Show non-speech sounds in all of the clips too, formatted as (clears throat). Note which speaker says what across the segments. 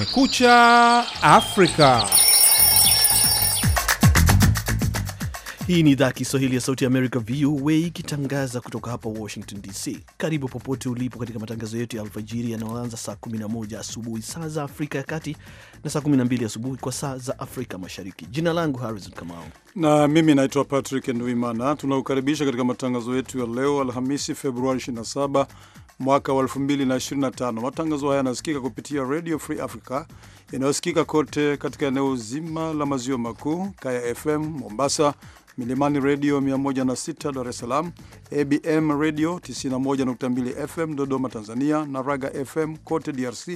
Speaker 1: Kumekucha Afrika. Hii ni idhaa Kiswahili ya Sauti ya Amerika, VOA, ikitangaza kutoka hapa Washington DC. Karibu popote ulipo katika matangazo yetu ya alfajiri yanayoanza saa 11 asubuhi saa za Afrika ya Kati na saa 12 asubuhi kwa saa za Afrika Mashariki. Jina langu Harrison Kamau
Speaker 2: na mimi naitwa Patrick Ndwimana. Tunakukaribisha katika matangazo yetu ya leo Alhamisi, Februari 27 mwaka wa 2025. Matangazo haya yanasikika kupitia Radio Free Africa yanayosikika kote katika eneo zima la maziwa makuu, Kaya FM Mombasa, Milimani Radio 106 Dar es Salaam, ABM Radio 91.2 FM Dodoma Tanzania, na Raga FM kote DRC,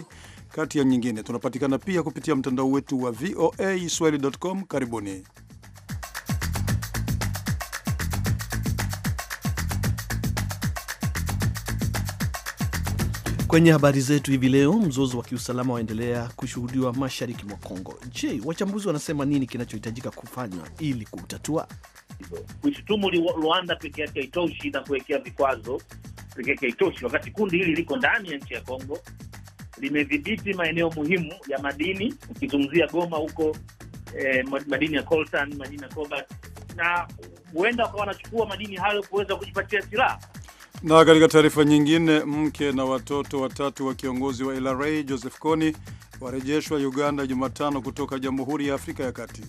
Speaker 2: kati ya nyingine. Tunapatikana pia kupitia mtandao wetu wa VOA Swahili.com. Karibuni.
Speaker 1: Kwenye habari zetu hivi leo, mzozo wa kiusalama waendelea kushuhudiwa mashariki mwa Kongo. Je, wachambuzi wanasema nini kinachohitajika kufanywa ili kuutatua?
Speaker 3: Kuishutumu Rwanda peke yake haitoshi na kuwekea vikwazo peke yake haitoshi, wakati kundi hili liko ndani ya nchi ya Kongo, limedhibiti maeneo muhimu ya madini, ukizungumzia Goma huko eh, madini ya coltan, madini ya cobalt, na huenda wakawa wanachukua madini hayo kuweza kujipatia silaha
Speaker 2: na katika taarifa nyingine, mke na watoto watatu wa kiongozi wa LRA Joseph Kony warejeshwa Uganda Jumatano kutoka Jamhuri ya Afrika ya Kati.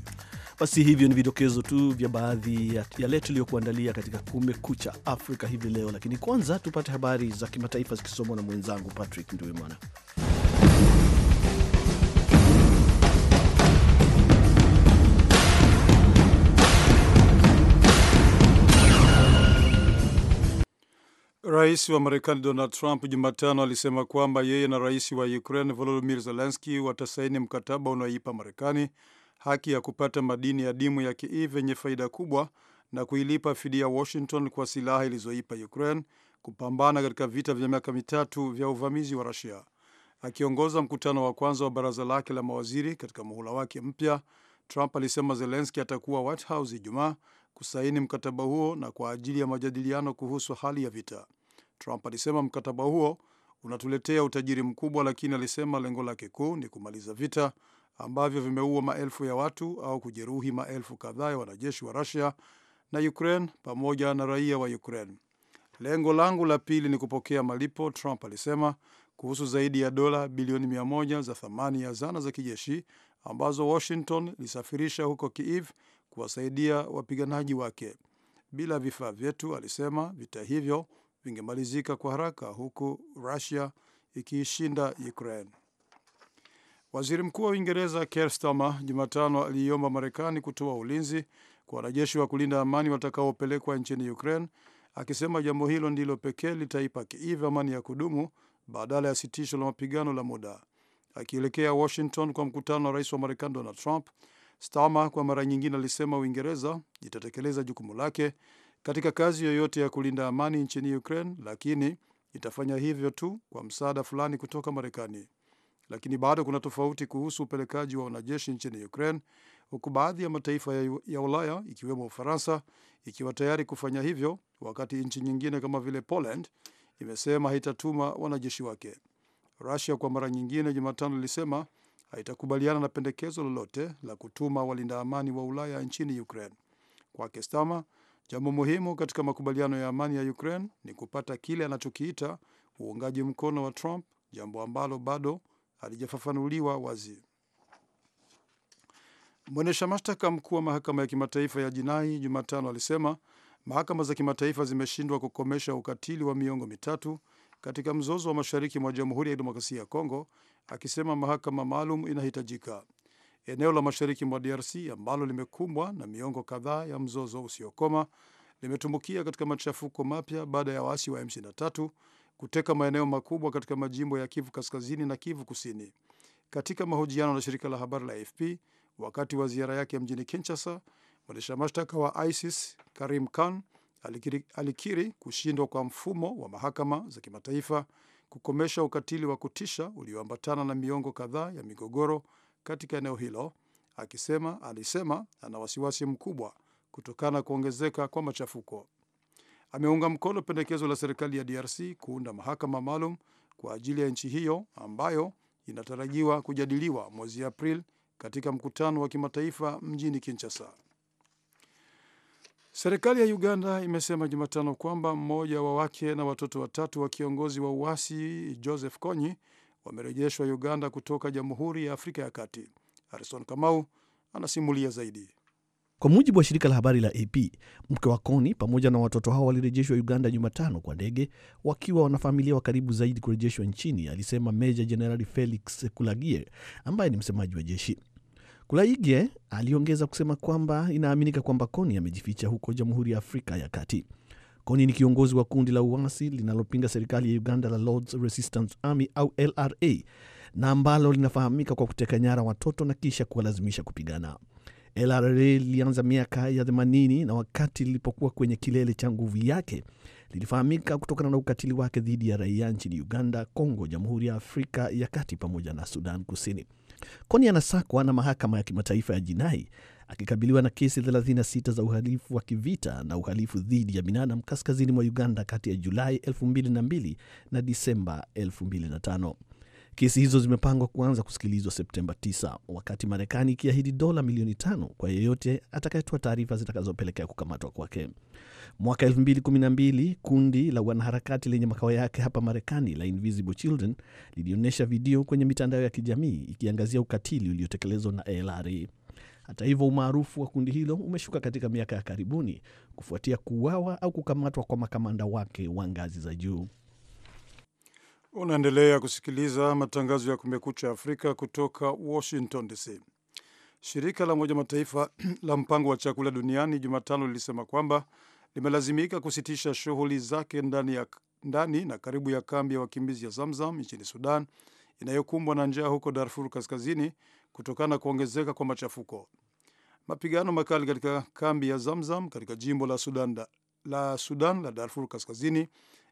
Speaker 1: Basi hivyo ni vidokezo tu vya baadhi ya yale tuliyokuandalia katika Kumekucha Afrika hivi leo, lakini kwanza tupate habari za kimataifa zikisomwa na mwenzangu Patrick Ndwimana.
Speaker 2: Rais wa Marekani Donald Trump Jumatano alisema kwamba yeye na rais wa Ukraine Volodymyr Zelensky watasaini mkataba unaoipa Marekani haki ya kupata madini ya dimu ya Kiev yenye faida kubwa na kuilipa fidia Washington kwa silaha ilizoipa Ukraine kupambana katika vita vya miaka mitatu vya uvamizi wa Rusia. Akiongoza mkutano wa kwanza wa baraza lake la mawaziri katika muhula wake mpya, Trump alisema Zelenski atakuwa White House Ijumaa kusaini mkataba huo na kwa ajili ya majadiliano kuhusu hali ya vita. Trump alisema mkataba huo unatuletea utajiri mkubwa, lakini alisema lengo lake kuu ni kumaliza vita ambavyo vimeua maelfu ya watu au kujeruhi maelfu kadhaa ya wanajeshi wa Russia na Ukraine pamoja na raia wa Ukraine. Lengo langu la pili ni kupokea malipo, Trump alisema kuhusu zaidi ya dola bilioni mia moja za thamani ya zana za kijeshi ambazo Washington ilisafirisha huko Kiev kuwasaidia wapiganaji wake. Bila vifaa vyetu, alisema, vita hivyo vingemalizika kwa haraka huku Rusia ikiishinda Ukraine. Waziri Mkuu wa Uingereza Keir Starmer Jumatano aliiomba Marekani kutoa ulinzi kwa wanajeshi wa kulinda amani watakaopelekwa nchini Ukraine, akisema jambo hilo ndilo pekee litaipa Kiev amani ya kudumu badala ya sitisho la mapigano la muda. Akielekea Washington kwa mkutano wa rais wa Marekani Donald Trump, Starmer kwa mara nyingine alisema Uingereza itatekeleza jukumu lake katika kazi yoyote ya kulinda amani nchini Ukraine, lakini itafanya hivyo tu kwa msaada fulani kutoka Marekani. Lakini bado kuna tofauti kuhusu upelekaji wa wanajeshi nchini Ukraine, huku baadhi ya mataifa ya Ulaya ikiwemo Ufaransa ikiwa tayari kufanya hivyo, wakati nchi nyingine kama vile Poland imesema haitatuma wanajeshi wake. Rusia kwa mara nyingine Jumatano ilisema haitakubaliana na pendekezo lolote la kutuma walinda amani wa Ulaya nchini Ukraine. Kwake Stama, Jambo muhimu katika makubaliano ya amani ya Ukraine ni kupata kile anachokiita uungaji mkono wa Trump, jambo ambalo bado halijafafanuliwa wazi. Mwendesha mashtaka mkuu wa mahakama ya kimataifa ya jinai Jumatano alisema mahakama za kimataifa zimeshindwa kukomesha ukatili wa miongo mitatu katika mzozo wa mashariki mwa Jamhuri ya Kidemokrasia ya Kongo, akisema mahakama maalum inahitajika. Eneo la mashariki mwa DRC ambalo limekumbwa na miongo kadhaa ya mzozo usiokoma limetumbukia katika machafuko mapya baada ya waasi wa M23 kuteka maeneo makubwa katika majimbo ya Kivu Kaskazini na Kivu Kusini. Katika mahojiano na shirika la habari la AFP wakati wa ziara yake mjini Kinshasa, mwendesha mashtaka wa ISIS Karim Khan alikiri, alikiri kushindwa kwa mfumo wa mahakama za kimataifa kukomesha ukatili wa kutisha ulioambatana na miongo kadhaa ya migogoro katika eneo hilo akisema, alisema ana wasiwasi mkubwa kutokana na kuongezeka kwa machafuko. Ameunga mkono pendekezo la serikali ya DRC kuunda mahakama maalum kwa ajili ya nchi hiyo ambayo inatarajiwa kujadiliwa mwezi april katika mkutano wa kimataifa mjini kinchasa Serikali ya Uganda imesema Jumatano kwamba mmoja wa wake na watoto watatu wa kiongozi wa uasi Joseph conyi wamerejeshwa Uganda kutoka Jamhuri ya Afrika ya Kati. harison Kamau anasimulia zaidi.
Speaker 1: Kwa mujibu wa shirika la habari la AP, mke wa Koni pamoja na watoto hao walirejeshwa Uganda Jumatano kwa ndege, wakiwa wanafamilia wa karibu zaidi kurejeshwa nchini, alisema Meja Jenerali Felix Kulagie ambaye ni msemaji wa jeshi. Kulaige aliongeza kusema kwamba inaaminika kwamba Koni amejificha huko Jamhuri ya Afrika ya Kati. Koni ni kiongozi wa kundi la uasi linalopinga serikali ya Uganda la Lords Resistance Army au LRA na ambalo linafahamika kwa kuteka nyara watoto na kisha kuwalazimisha kupigana. LRA lilianza miaka ya 80 na wakati lilipokuwa kwenye kilele cha nguvu yake lilifahamika kutokana na ukatili wake dhidi ya raia nchini Uganda, congo Jamhuri ya Afrika ya Kati pamoja na Sudan Kusini. Koni anasakwa na mahakama ya kimataifa ya jinai akikabiliwa na kesi 36 za uhalifu wa kivita na uhalifu dhidi ya binadamu kaskazini mwa Uganda kati ya Julai 22 na Disemba 25 Kesi hizo zimepangwa kuanza kusikilizwa Septemba 9, wakati Marekani ikiahidi dola milioni tano kwa yeyote atakayetoa taarifa zitakazopelekea kukamatwa kwake. Mwaka 212 kundi la wanaharakati lenye makao yake hapa Marekani la Invisible Children lilionyesha video kwenye mitandao ya kijamii ikiangazia ukatili uliotekelezwa na LRA. Hata hivyo, umaarufu wa kundi hilo umeshuka katika miaka ya karibuni kufuatia kuuawa au kukamatwa kwa makamanda wake wa ngazi za juu.
Speaker 2: Unaendelea kusikiliza matangazo ya Kumekucha Afrika kutoka Washington DC. Shirika la Umoja Mataifa (clears throat) la Mpango wa Chakula Duniani Jumatano lilisema kwamba limelazimika kusitisha shughuli zake ndani, ya, ndani na karibu ya kambi ya wakimbizi ya Zamzam nchini Sudan inayokumbwa na njaa huko Darfur Kaskazini kutokana na kuongezeka kwa machafuko. Mapigano makali katika kambi ya Zamzam katika jimbo la Sudan da, la Sudan la Darfur Kaskazini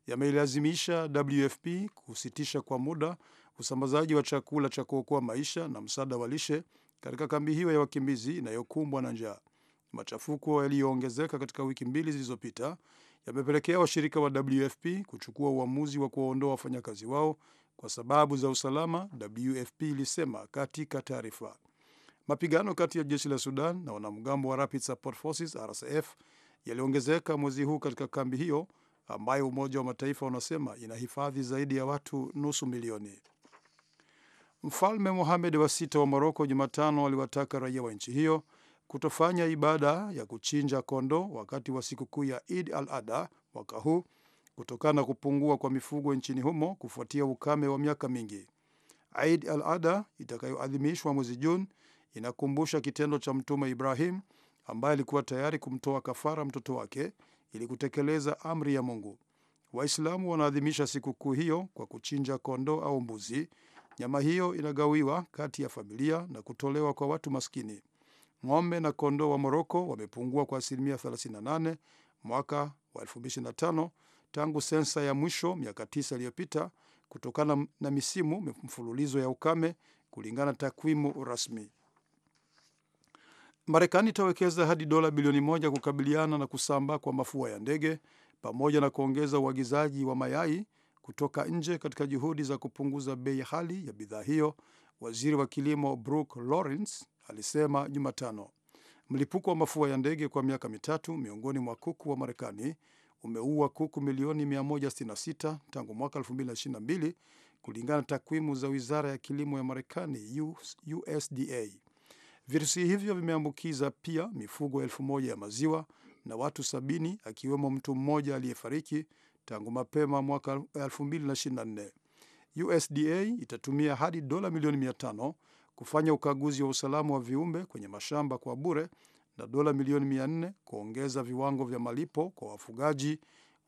Speaker 2: yameilazimisha WFP kusitisha kwa muda usambazaji wa chakula cha kuokoa maisha na msaada wa lishe katika kambi hiyo ya wakimbizi inayokumbwa na njaa. Machafuko yaliyoongezeka katika wiki mbili zilizopita yamepelekea washirika wa WFP kuchukua uamuzi wa kuwaondoa wafanyakazi wao kwa sababu za usalama, WFP ilisema katika taarifa. Mapigano kati ya jeshi la Sudan na wanamgambo wa Rapid Support Forces RSF yaliongezeka mwezi huu katika kambi hiyo ambayo Umoja wa Mataifa unasema inahifadhi zaidi ya watu nusu milioni. Mfalme Mohamed wa sita wa Moroko Jumatano aliwataka raia wa nchi hiyo kutofanya ibada ya kuchinja kondo wakati wa sikukuu ya Id al Adha mwaka huu kutokana na kupungua kwa mifugo nchini humo kufuatia ukame wa miaka mingi. aid al ada itakayoadhimishwa mwezi Juni inakumbusha kitendo cha Mtume Ibrahim ambaye alikuwa tayari kumtoa kafara mtoto wake ili kutekeleza amri ya Mungu. Waislamu wanaadhimisha sikukuu hiyo kwa kuchinja kondoo au mbuzi. Nyama hiyo inagawiwa kati ya familia na kutolewa kwa watu maskini. Ng'ombe na kondoo wa Moroko wamepungua kwa asilimia 38 mwaka wa 2025 tangu sensa ya mwisho miaka tisa iliyopita kutokana na misimu mfululizo ya ukame kulingana na takwimu rasmi. Marekani itawekeza hadi dola bilioni moja kukabiliana na kusambaa kwa mafua ya ndege pamoja na kuongeza uagizaji wa mayai kutoka nje katika juhudi za kupunguza bei hali ya bidhaa hiyo, waziri wa kilimo Brooke Lawrence alisema Jumatano. Mlipuko wa mafua ya ndege kwa miaka mitatu miongoni mwa kuku wa Marekani umeua kuku milioni 166 tangu mwaka 2022 kulingana na takwimu za wizara ya kilimo ya Marekani, USDA. Virusi hivyo vimeambukiza pia mifugo elfu moja ya maziwa na watu sabini akiwemo mtu mmoja aliyefariki tangu mapema mwaka 2024. USDA itatumia hadi dola milioni 500 kufanya ukaguzi wa usalama wa viumbe kwenye mashamba kwa bure na dola milioni mia nne kuongeza viwango vya malipo kwa wafugaji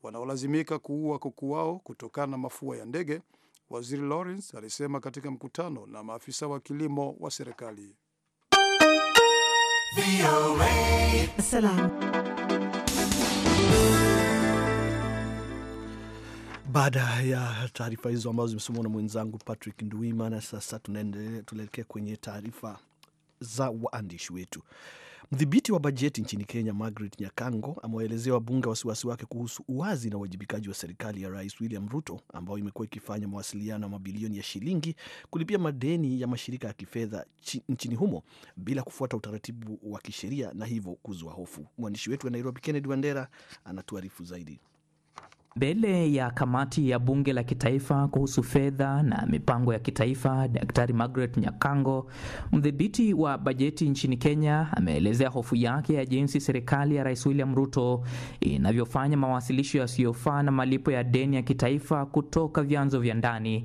Speaker 2: wanaolazimika kuua kuku wao kutokana na mafua ya ndege, Waziri Lawrence alisema katika mkutano na maafisa wa kilimo wa serikali.
Speaker 1: Baada ya taarifa hizo ambazo zimesomwa na mwenzangu Patrick nduimana sasa tunaendelea, tunaelekea kwenye taarifa za waandishi wetu. Mdhibiti wa bajeti nchini Kenya, Margaret Nyakango, amewaelezea wabunge wasiwasi wake kuhusu uwazi na uwajibikaji wa serikali ya Rais William Ruto, ambayo imekuwa ikifanya mawasiliano ya mabilioni ya shilingi kulipia madeni ya mashirika ya kifedha nchini humo bila kufuata utaratibu wa kisheria na hivyo kuzua hofu. Mwandishi wetu wa Nairobi, Kennedy Wandera, anatuarifu zaidi.
Speaker 4: Mbele ya kamati ya bunge la kitaifa kuhusu fedha na mipango ya kitaifa, Daktari Margaret Nyakango, mdhibiti wa bajeti nchini Kenya, ameelezea hofu yake ya jinsi serikali ya Rais William Ruto inavyofanya mawasilisho yasiyofaa na malipo ya deni ya kitaifa kutoka vyanzo vya ndani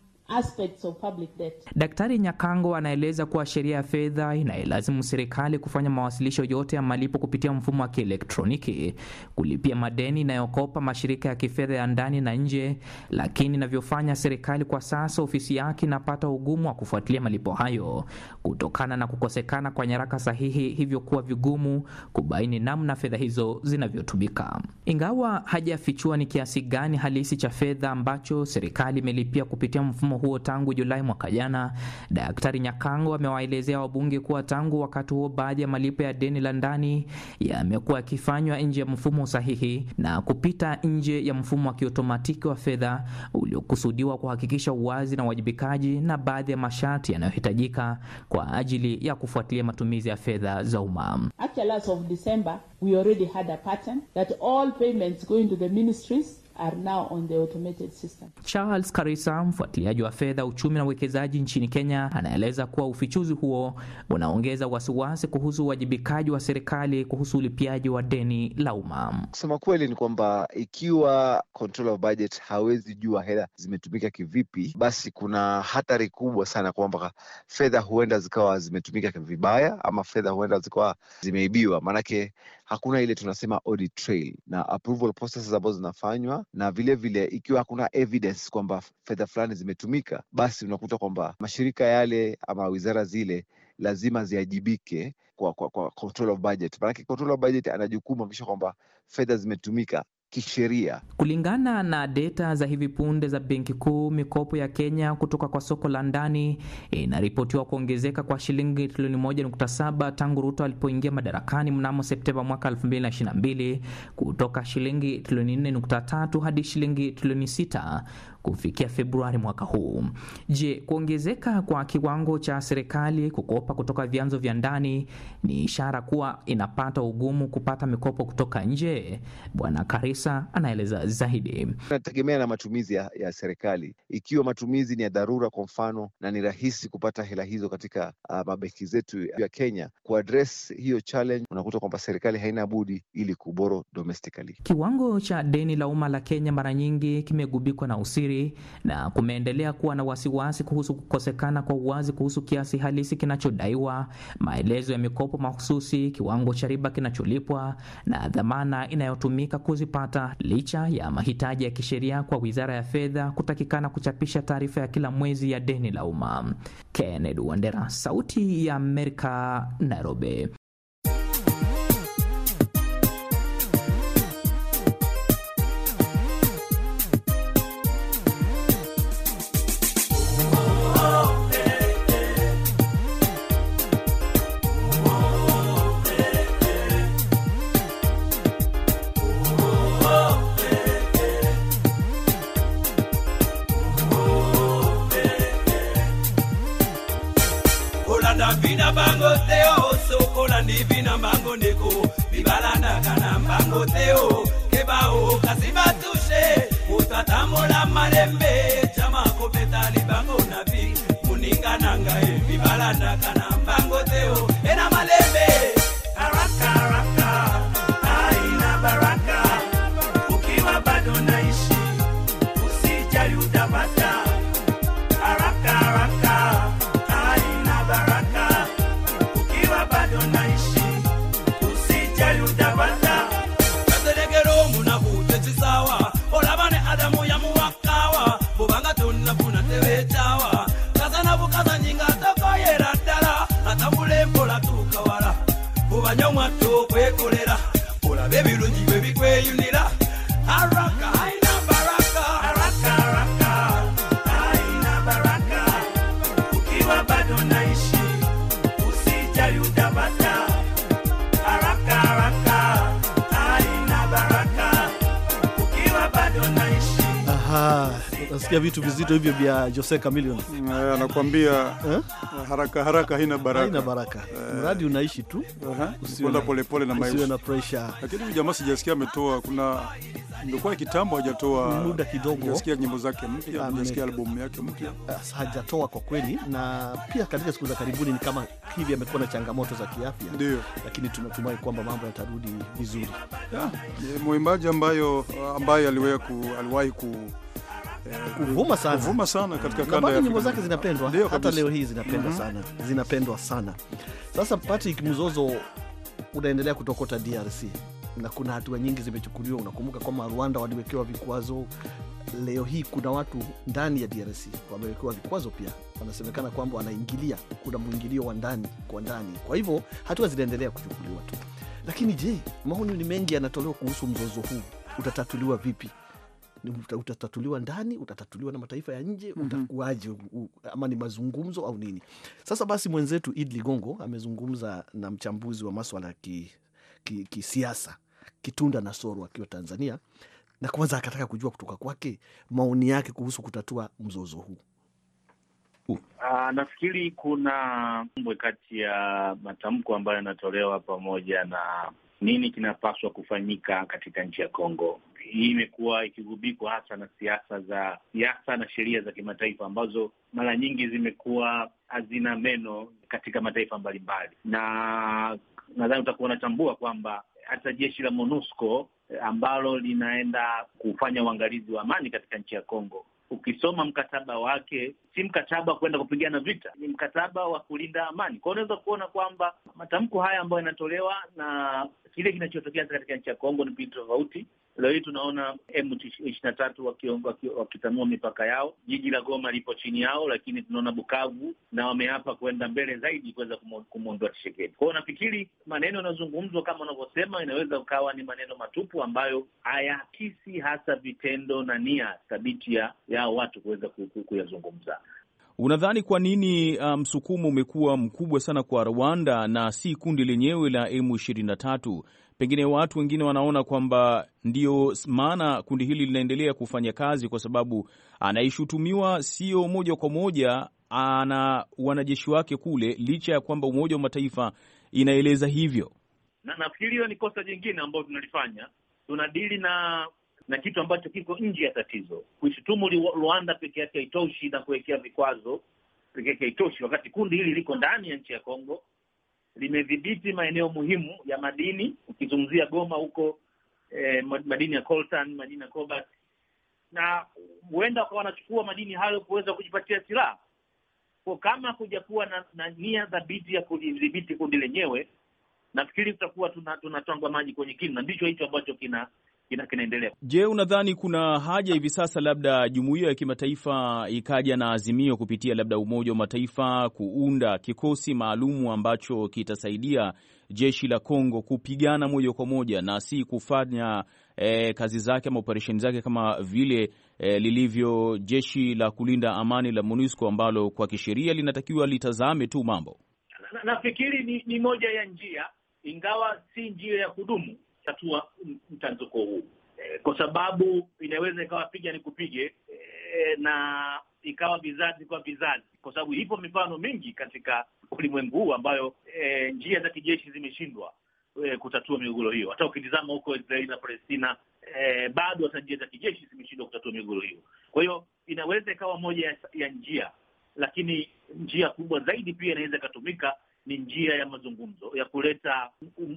Speaker 4: aspects of public debt. Daktari Nyakango anaeleza kuwa sheria ya fedha inailazimu serikali kufanya mawasilisho yote ya malipo kupitia mfumo wa kielektroniki, kulipia madeni inayokopa mashirika ya kifedha ya ndani na nje. Lakini inavyofanya serikali kwa sasa, ofisi yake inapata ugumu wa kufuatilia malipo hayo kutokana na kukosekana kwa nyaraka sahihi, hivyo kuwa vigumu kubaini namna fedha hizo zinavyotumika. Ingawa hajafichua ni kiasi gani halisi cha fedha ambacho serikali imelipia kupitia mfumo huo tangu Julai mwaka jana. Daktari Nyakango amewaelezea wabunge kuwa tangu wakati huo baadhi ya malipo ya deni la ndani yamekuwa yakifanywa nje ya mfumo sahihi na kupita nje ya mfumo wa kiotomatiki wa fedha uliokusudiwa kuhakikisha uwazi na uwajibikaji na baadhi ya masharti yanayohitajika kwa ajili ya kufuatilia matumizi ya fedha za umma. Actually, last of December, we already had a pattern that all payments going to the ministries Are now on the automated system. Charles Karisa, mfuatiliaji wa fedha, uchumi na uwekezaji nchini Kenya, anaeleza kuwa ufichuzi huo unaongeza wasiwasi kuhusu uwajibikaji wa serikali kuhusu ulipiaji wa deni la umma.
Speaker 5: Kusema kweli ni kwamba ikiwa controller of budget hawezi jua hela zimetumika kivipi, basi kuna hatari kubwa sana kwamba fedha huenda zikawa zimetumika vibaya ama fedha huenda zikawa zimeibiwa, maanake hakuna ile tunasema audit trail na approval processes ambazo zinafanywa, na vilevile vile, ikiwa hakuna evidence kwamba fedha fulani zimetumika, basi unakuta kwamba mashirika yale ama wizara zile lazima ziajibike kwa, kwa, kwa control of budget. control of budget ana jukumu kuhakikisha kwamba fedha zimetumika kisheria.
Speaker 4: Kulingana na data za hivi punde za Benki Kuu, mikopo ya Kenya kutoka kwa soko la ndani inaripotiwa kuongezeka kwa shilingi trilioni 1.7 tangu Ruto alipoingia madarakani mnamo Septemba mwaka 2022 kutoka shilingi trilioni 4.3 hadi shilingi trilioni 6 kufikia Februari mwaka huu. Je, kuongezeka kwa kiwango cha serikali kukopa kutoka vyanzo vya ndani ni ishara kuwa inapata ugumu kupata mikopo kutoka nje? Bwana Karisa anaeleza zaidi.
Speaker 5: Inategemea na matumizi ya, ya serikali. Ikiwa matumizi ni ya dharura, kwa mfano, na ni rahisi kupata hela hizo katika uh, mabenki zetu ya Kenya, address hiyo challenge, unakuta kwamba serikali haina budi ili kuboro domestically.
Speaker 4: Kiwango cha deni la umma la Kenya mara nyingi kimegubikwa na usiri umeshamiri na kumeendelea kuwa na wasiwasi kuhusu kukosekana kwa uwazi kuhusu kiasi halisi kinachodaiwa, maelezo ya mikopo mahususi, kiwango cha riba kinacholipwa na dhamana inayotumika kuzipata, licha ya mahitaji ya kisheria kwa Wizara ya Fedha kutakikana kuchapisha taarifa ya kila mwezi ya deni la umma. Kennedy Wandera, Sauti ya Amerika, Nairobi.
Speaker 3: moteo kebao kasi batushe utatambola malembe chama kopeta libango na vi muninga nanga, ngai bibalanaka na mbango teo ena malembe kyekolera olabe ebirungi bwe bikweyunira araka baraka araka araka baraka ukiwa bado naishi usijayudabata araka araka baraka ukiwa bado naishi
Speaker 1: aha nasikia vitu vizito hivyo vya jose camilion anakuambia eh?
Speaker 2: haraka haraka haina baraka, haina baraka. Uh, mradi unaishi tu uh-huh. kwenda polepole na maisha na pressure. Lakini huyu jamaa sijasikia ametoa, kuna imekuwa kitambo hajatoa muda kidogo, nasikia nyimbo zake mpya, nasikia ah, albamu yake mpya,
Speaker 1: ah, hajatoa kwa kweli. Na pia katika siku za karibuni ni kama hivi amekuwa na changamoto za kiafya, ndio, lakini tunatumai kwamba mambo yatarudi vizuri.
Speaker 2: Ya, ah, Mwimbaji ambayo ambaye aliwahi ku, aliwahi ku kuvuma sana, kuvuma sana katika kanda ya Nyimbo zake zinapendwa Leo, hata leo hii zinapendwa mm -hmm. sana
Speaker 1: zinapendwa sana. Sasa Patrick, mzozo unaendelea kutokota DRC na kuna hatua nyingi zimechukuliwa. Unakumbuka kwamba Rwanda waliwekewa vikwazo. Leo hii kuna watu ndani ya DRC wamewekewa vikwazo pia, wanasemekana kwamba wanaingilia, kuna mwingilio wa ndani kwa ndani. Kwa hivyo hatua zinaendelea kuchukuliwa tu, lakini je, maoni ni mengi yanatolewa kuhusu mzozo huu utatatuliwa vipi? utatatuliwa ndani, utatatuliwa na mataifa ya nje, mhm. utakuaje? Ama ni mazungumzo au nini? Sasa basi, mwenzetu Id Ligongo amezungumza na mchambuzi wa maswala ya kisiasa ki, kisiasa Kitunda soro akiwa Tanzania, na kwanza akataka kujua kutoka kwake maoni yake kuhusu kutatua mzozo huu.
Speaker 3: Uh, nafikiri kuna mbwe kati ya matamko ambayo yanatolewa pamoja na nini kinapaswa kufanyika katika nchi ya Kongo hii imekuwa ikigubikwa hasa na siasa za siasa na sheria za kimataifa ambazo mara nyingi zimekuwa hazina meno katika mataifa mbalimbali, na nadhani utakuwa unatambua kwamba hata jeshi la MONUSCO eh, ambalo linaenda kufanya uangalizi wa amani katika nchi ya Kongo, ukisoma mkataba wake, si mkataba wa kuenda kupigana vita, ni mkataba wa kulinda amani. Kwa unaweza kuona kwamba matamko haya ambayo yanatolewa na Kile kinachotokea katika nchi ya Kongo ni vitu tofauti. Leo hii tunaona M ishirini na tatu wakitanua mipaka yao, jiji la Goma lipo chini yao, lakini tunaona Bukavu na wameapa kwenda mbele zaidi kuweza kumwondoa Tshisekedi. Kwa hiyo nafikiri maneno yanayozungumzwa kama unavyosema, inaweza ukawa ni maneno matupu ambayo hayaakisi hasa vitendo na nia thabiti ya watu kuweza kuyazungumza. Unadhani kwa nini uh, msukumo um, umekuwa mkubwa sana kwa Rwanda na si kundi lenyewe la M23? Pengine watu wengine wanaona kwamba ndio maana kundi hili linaendelea kufanya kazi, kwa sababu anaishutumiwa sio moja kwa moja ana wanajeshi wake kule, licha ya kwamba Umoja wa Mataifa inaeleza hivyo, na nafikiri hiyo ni kosa jingine ambayo tunalifanya. Tunadili na na kitu ambacho kiko nje ya tatizo. Kuishutumu Rwanda peke yake haitoshi na kuwekea vikwazo peke yake haitoshi, wakati kundi hili liko ndani ya nchi ya Kongo, limedhibiti maeneo muhimu ya madini. Ukizungumzia Goma huko eh, madini ya coltan, madini ya cobalt, na huenda wakawa wanachukua madini hayo kuweza kujipatia silaha kwa kama kuja kuwa na, na nia thabiti ya kulidhibiti kundi lenyewe, nafikiri tutakuwa tunatwangwa tuna maji kwenye kinu, na ndicho hicho ambacho kina kinaendelea. Je, unadhani kuna haja hivi sasa labda jumuiya ya kimataifa ikaja na azimio kupitia labda Umoja wa Mataifa kuunda kikosi maalumu ambacho kitasaidia jeshi la Kongo kupigana moja kwa moja na si kufanya eh, kazi zake ama operesheni zake kama vile eh, lilivyo jeshi la kulinda amani la MONUSCO ambalo kwa kisheria linatakiwa litazame tu mambo. Nafikiri ni, ni moja ya njia, ingawa si njia ya kudumu tatua mtanzuko huu e, kwa sababu inaweza ikawa piga ni kupige e, na ikawa vizazi kwa vizazi, kwa sababu ipo mifano mingi katika ulimwengu huu ambayo e, njia za kijeshi zimeshindwa e, kutatua migogoro hiyo. Hata ukitizama huko Israeli na Palestina e, bado hata njia za kijeshi zimeshindwa kutatua migogoro hiyo. Kwa hiyo inaweza ikawa moja ya, ya njia, lakini njia kubwa zaidi pia inaweza ikatumika ni njia ya mazungumzo ya kuleta um,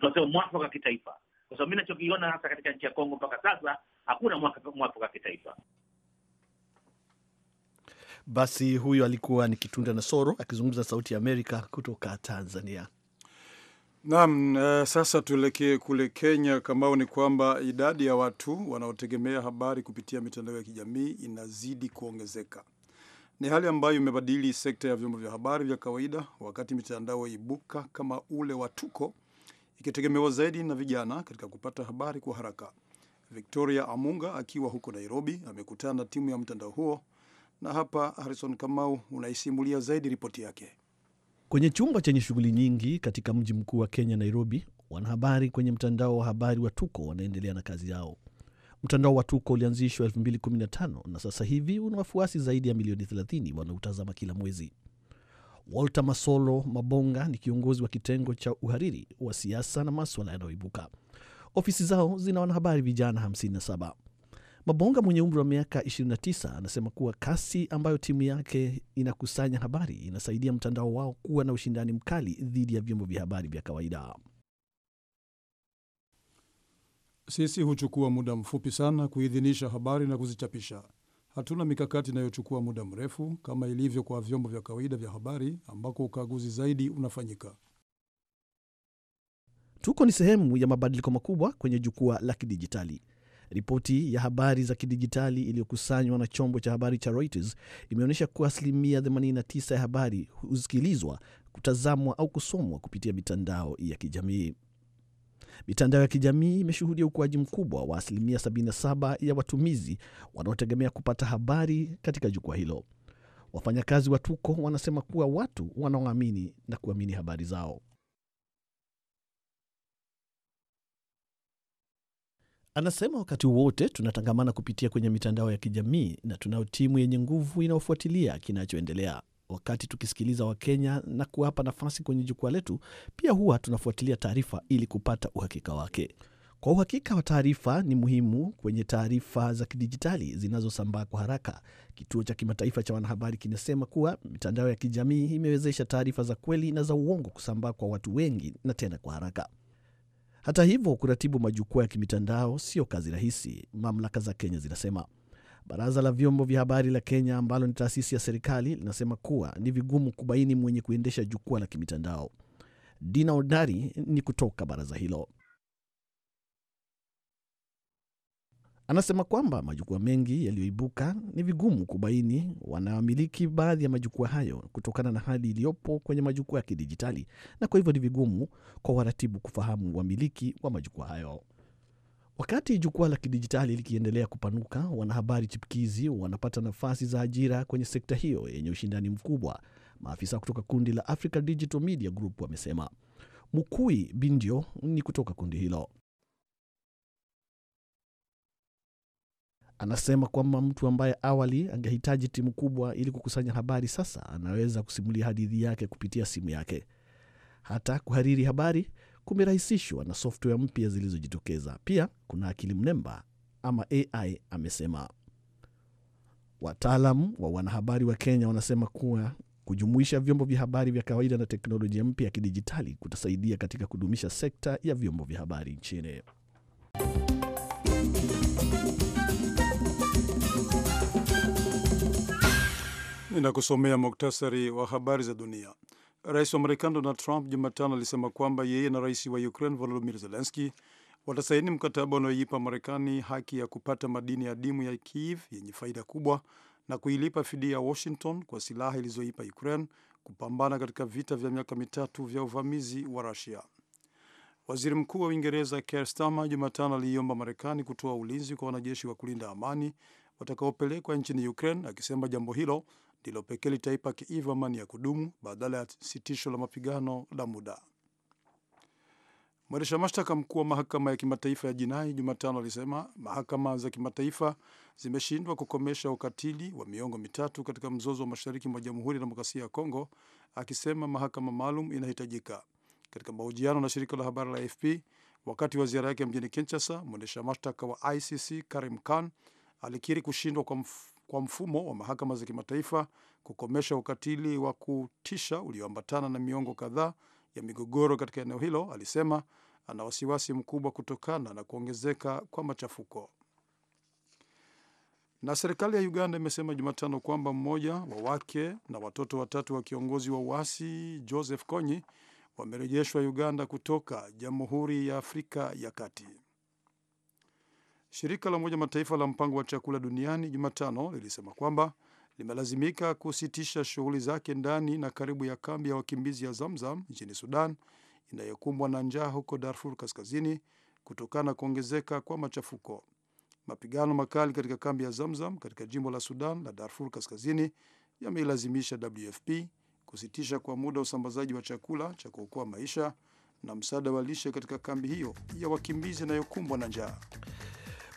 Speaker 3: tunasema mwafaka wa kitaifa, kwa sababu mi nachokiona hasa katika nchi ya Kongo mpaka sasa hakuna mwafaka wa kitaifa.
Speaker 1: Basi huyo alikuwa ni Kitunda na Soro akizungumza Sauti ya Amerika kutoka Tanzania.
Speaker 2: Naam, e, sasa tuelekee kule Kenya. Kamao ni kwamba idadi ya watu wanaotegemea habari kupitia mitandao ya kijamii inazidi kuongezeka. Ni hali ambayo imebadili sekta ya vyombo vya habari vya kawaida, wakati mitandao ibuka kama ule wa Tuko ikitegemewa zaidi na vijana katika kupata habari kwa haraka. Victoria Amunga akiwa huko Nairobi amekutana na timu ya mtandao huo, na hapa Harrison Kamau unaisimulia zaidi ripoti yake.
Speaker 1: Kwenye chumba chenye shughuli nyingi katika mji mkuu wa Kenya, Nairobi, wanahabari kwenye mtandao wa habari wa Tuko wanaendelea na kazi yao. Mtandao wa Tuko ulianzishwa 215 na sasa hivi una wafuasi zaidi ya milioni 30 wanaotazama kila mwezi. Walter Masolo Mabonga ni kiongozi wa kitengo cha uhariri wa siasa na maswala yanayoibuka. Ofisi zao zina wanahabari vijana 57. Mabonga mwenye umri wa miaka 29 anasema kuwa kasi ambayo timu yake inakusanya habari inasaidia mtandao wao kuwa na ushindani mkali dhidi ya vyombo vya habari vya kawaida.
Speaker 2: Sisi huchukua muda
Speaker 1: mfupi sana kuidhinisha habari na
Speaker 2: kuzichapisha. Hatuna mikakati inayochukua muda mrefu kama ilivyo kwa vyombo vya kawaida vya habari ambako ukaguzi zaidi unafanyika.
Speaker 1: Tuko ni sehemu ya mabadiliko makubwa kwenye jukwaa la kidijitali. Ripoti ya habari za kidijitali iliyokusanywa na chombo cha habari cha Reuters imeonyesha kuwa asilimia 89 ya habari husikilizwa, kutazamwa au kusomwa kupitia mitandao ya kijamii. Mitandao ya kijamii imeshuhudia ukuaji mkubwa wa asilimia 77 ya watumizi wanaotegemea kupata habari katika jukwaa hilo. Wafanyakazi wa Tuko wanasema kuwa watu wanaoamini na kuamini habari zao. Anasema wakati wote tunatangamana kupitia kwenye mitandao ya kijamii na tunayo timu yenye nguvu inayofuatilia kinachoendelea. Wakati tukisikiliza Wakenya na kuwapa nafasi kwenye jukwaa letu, pia huwa tunafuatilia taarifa ili kupata uhakika wake. Kwa uhakika wa taarifa ni muhimu kwenye taarifa za kidijitali zinazosambaa kwa haraka. Kituo cha kimataifa cha wanahabari kinasema kuwa mitandao ya kijamii imewezesha taarifa za kweli na za uongo kusambaa kwa watu wengi na tena kwa haraka. Hata hivyo, kuratibu majukwaa ya kimitandao sio kazi rahisi, mamlaka za Kenya zinasema. Baraza la vyombo vya habari la Kenya ambalo ni taasisi ya serikali linasema kuwa ni vigumu kubaini mwenye kuendesha jukwaa la kimitandao. Dina Odari ni kutoka baraza hilo, anasema kwamba majukwaa mengi yaliyoibuka ni vigumu kubaini wanaomiliki baadhi ya majukwaa hayo kutokana na hali iliyopo kwenye majukwaa ya kidijitali, na kwa hivyo ni vigumu kwa waratibu kufahamu wamiliki wa majukwaa hayo. Wakati jukwaa la kidijitali likiendelea kupanuka, wanahabari chipukizi wanapata nafasi za ajira kwenye sekta hiyo yenye ushindani mkubwa, maafisa kutoka kundi la Africa Digital Media Group wamesema. Mukui Bindio ni kutoka kundi hilo. Anasema kwamba mtu ambaye awali angehitaji timu kubwa ili kukusanya habari sasa anaweza kusimulia hadithi yake kupitia simu yake. Hata kuhariri habari kumerahisishwa na software mpya zilizojitokeza. Pia kuna akili mnemba ama AI, amesema. Wataalam wa wanahabari wa Kenya wanasema kuwa kujumuisha vyombo vya habari vya kawaida na teknolojia mpya ya kidijitali kutasaidia katika kudumisha sekta ya vyombo vya habari nchini.
Speaker 2: Ninakusomea muktasari wa habari za dunia. Rais wa Marekani Donald Trump Jumatano alisema kwamba yeye na rais wa Ukraine Volodymyr Zelensky watasaini mkataba unaoipa Marekani haki ya kupata madini ya dimu ya Kiev yenye faida kubwa na kuilipa fidia ya Washington kwa silaha ilizoipa Ukraine kupambana katika vita vya miaka mitatu vya uvamizi wa Rusia. Waziri Mkuu wa Uingereza Keir Starmer Jumatano aliiomba Marekani kutoa ulinzi kwa wanajeshi wa kulinda amani watakaopelekwa nchini Ukraine, akisema jambo hilo ndilo pekee litaipa Kiiva amani ya kudumu badala ya sitisho la mapigano la muda. Mwendesha mashtaka mkuu wa mahakama ya kimataifa ya jinai Jumatano alisema mahakama za kimataifa zimeshindwa kukomesha ukatili wa miongo mitatu katika mzozo wa mashariki mwa Jamhuri ya Demokrasia ya Kongo, akisema mahakama maalum inahitajika. Katika mahojiano na shirika la habari la AFP wakati wa ziara yake mjini Kinshasa, mwendesha mashtaka wa ICC Karim Khan alikiri kushindwa kwa mf kwa mfumo wa mahakama za kimataifa kukomesha ukatili wa kutisha ulioambatana na miongo kadhaa ya migogoro katika eneo hilo, alisema ana wasiwasi mkubwa kutokana na kuongezeka kwa machafuko. Na serikali ya Uganda imesema Jumatano kwamba mmoja wa wake na watoto watatu wa kiongozi wa uasi Joseph Kony wamerejeshwa Uganda kutoka Jamhuri ya Afrika ya Kati. Shirika la Umoja Mataifa la Mpango wa Chakula Duniani Jumatano lilisema kwamba limelazimika kusitisha shughuli zake ndani na karibu ya kambi ya wakimbizi ya Zamzam nchini Sudan inayokumbwa na njaa huko Darfur Kaskazini kutokana na kuongezeka kwa machafuko. Mapigano makali katika kambi ya Zamzam katika jimbo la Sudan la Darfur Kaskazini yameilazimisha WFP kusitisha kwa muda usambazaji wa chakula cha kuokoa maisha na msaada wa lishe katika kambi hiyo ya wakimbizi inayokumbwa na njaa.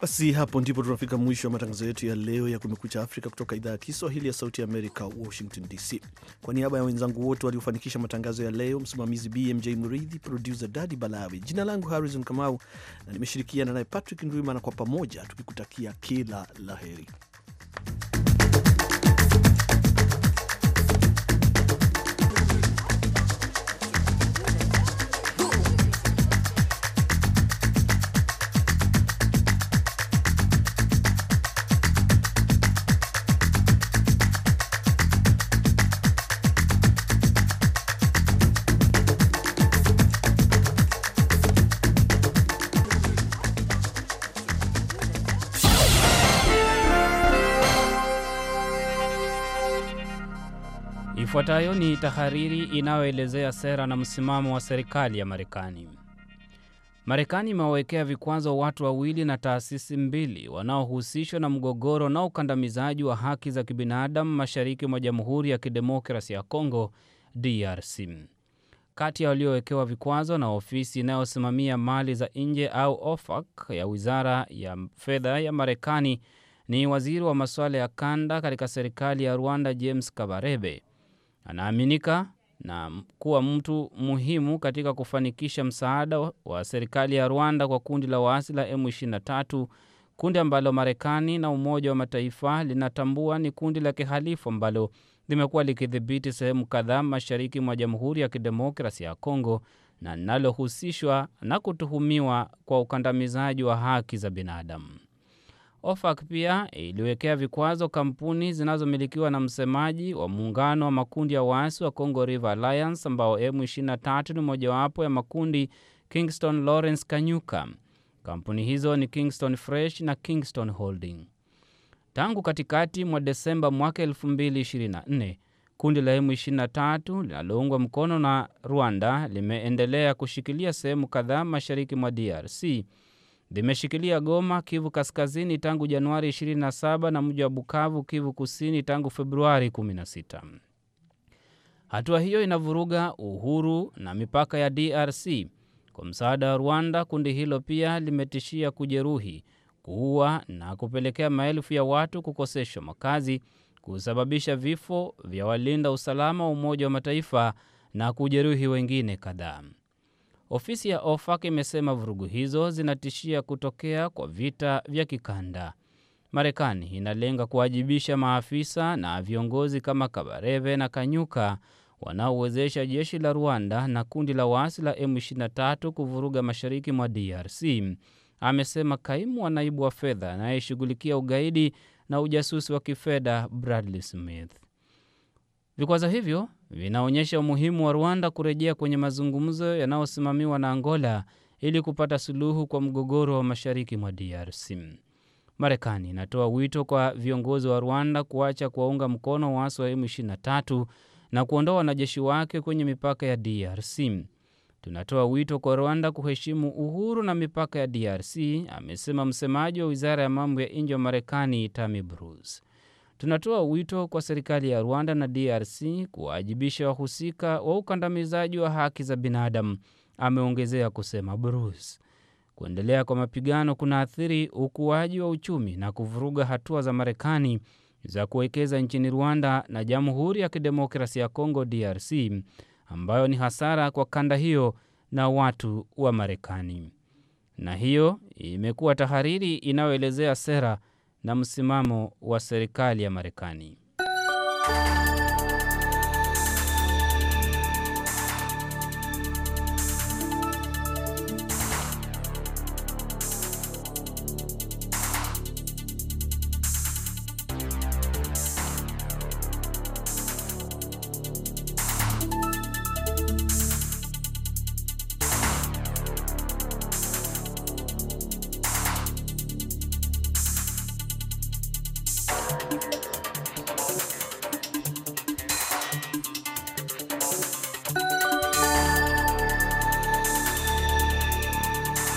Speaker 1: Basi hapo ndipo tunafika mwisho wa matangazo yetu ya leo ya Kumekucha Afrika kutoka idhaa ya Kiswahili ya Sauti ya Amerika, Washington DC. Kwa niaba ya wenzangu wote waliofanikisha matangazo ya leo, msimamizi BMJ Mridhi, produsa Dadi Balawi, jina langu Harrison Kamau na nimeshirikiana naye Patrick Ndwimana, kwa pamoja tukikutakia kila la heri.
Speaker 6: Ifuatayo ni tahariri inayoelezea sera na msimamo wa serikali ya Marekani. Marekani imewawekea vikwazo watu wawili na taasisi mbili wanaohusishwa na mgogoro na ukandamizaji wa haki za kibinadamu mashariki mwa Jamhuri ya kidemokrasi ya Kongo, DRC. Kati ya waliowekewa vikwazo na ofisi inayosimamia mali za nje au OFAC ya Wizara ya Fedha ya Marekani ni waziri wa masuala ya kanda katika serikali ya Rwanda, James Kabarebe. Anaaminika na kuwa mtu muhimu katika kufanikisha msaada wa serikali ya Rwanda kwa kundi la waasi la M23, kundi ambalo Marekani na Umoja wa Mataifa linatambua ni kundi la kihalifu ambalo limekuwa likidhibiti sehemu kadhaa mashariki mwa Jamhuri ya Kidemokrasia ya Kongo na linalohusishwa na kutuhumiwa kwa ukandamizaji wa haki za binadamu. OFAC pia iliwekea vikwazo kampuni zinazomilikiwa na msemaji wa muungano wa makundi ya waasi wa Congo River Alliance ambao M23 ni mojawapo ya makundi, Kingston Lawrence Kanyuka. Kampuni hizo ni Kingston Fresh na Kingston Holding. Tangu katikati mwa Desemba mwaka 2024, kundi la M23 linaloungwa mkono na Rwanda limeendelea kushikilia sehemu kadhaa mashariki mwa DRC limeshikilia Goma, Kivu Kaskazini tangu Januari 27 na mji wa Bukavu, Kivu Kusini tangu Februari 16. Hatua hiyo inavuruga uhuru na mipaka ya DRC. Kwa msaada wa Rwanda, kundi hilo pia limetishia kujeruhi, kuua na kupelekea maelfu ya watu kukoseshwa makazi, kusababisha vifo vya walinda usalama wa Umoja wa Mataifa na kujeruhi wengine kadhaa. Ofisi ya OFAC imesema vurugu hizo zinatishia kutokea kwa vita vya kikanda. Marekani inalenga kuwajibisha maafisa na viongozi kama Kabareve na Kanyuka wanaowezesha jeshi la Rwanda na kundi la waasi la M23 kuvuruga mashariki mwa DRC, amesema kaimu wa naibu wa fedha anayeshughulikia ugaidi na ujasusi wa kifedha Bradley Smith. Vikwazo hivyo vinaonyesha umuhimu wa Rwanda kurejea kwenye mazungumzo yanayosimamiwa na Angola ili kupata suluhu kwa mgogoro wa mashariki mwa DRC. Marekani inatoa wito kwa viongozi wa Rwanda kuacha kuwaunga mkono waasi wa M23 na kuondoa wanajeshi wake kwenye mipaka ya DRC. Tunatoa wito kwa Rwanda kuheshimu uhuru na mipaka ya DRC, amesema msemaji wa wizara ya mambo ya nje wa Marekani Tammy Bruce. Tunatoa wito kwa serikali ya Rwanda na DRC kuwaajibisha wahusika wa ukandamizaji wa haki za binadamu, ameongezea kusema Bruce. Kuendelea kwa mapigano kunaathiri ukuaji wa uchumi na kuvuruga hatua za Marekani za kuwekeza nchini Rwanda na Jamhuri ya Kidemokrasia ya Kongo DRC, ambayo ni hasara kwa kanda hiyo na watu wa Marekani. Na hiyo imekuwa tahariri inayoelezea sera na msimamo wa serikali ya Marekani.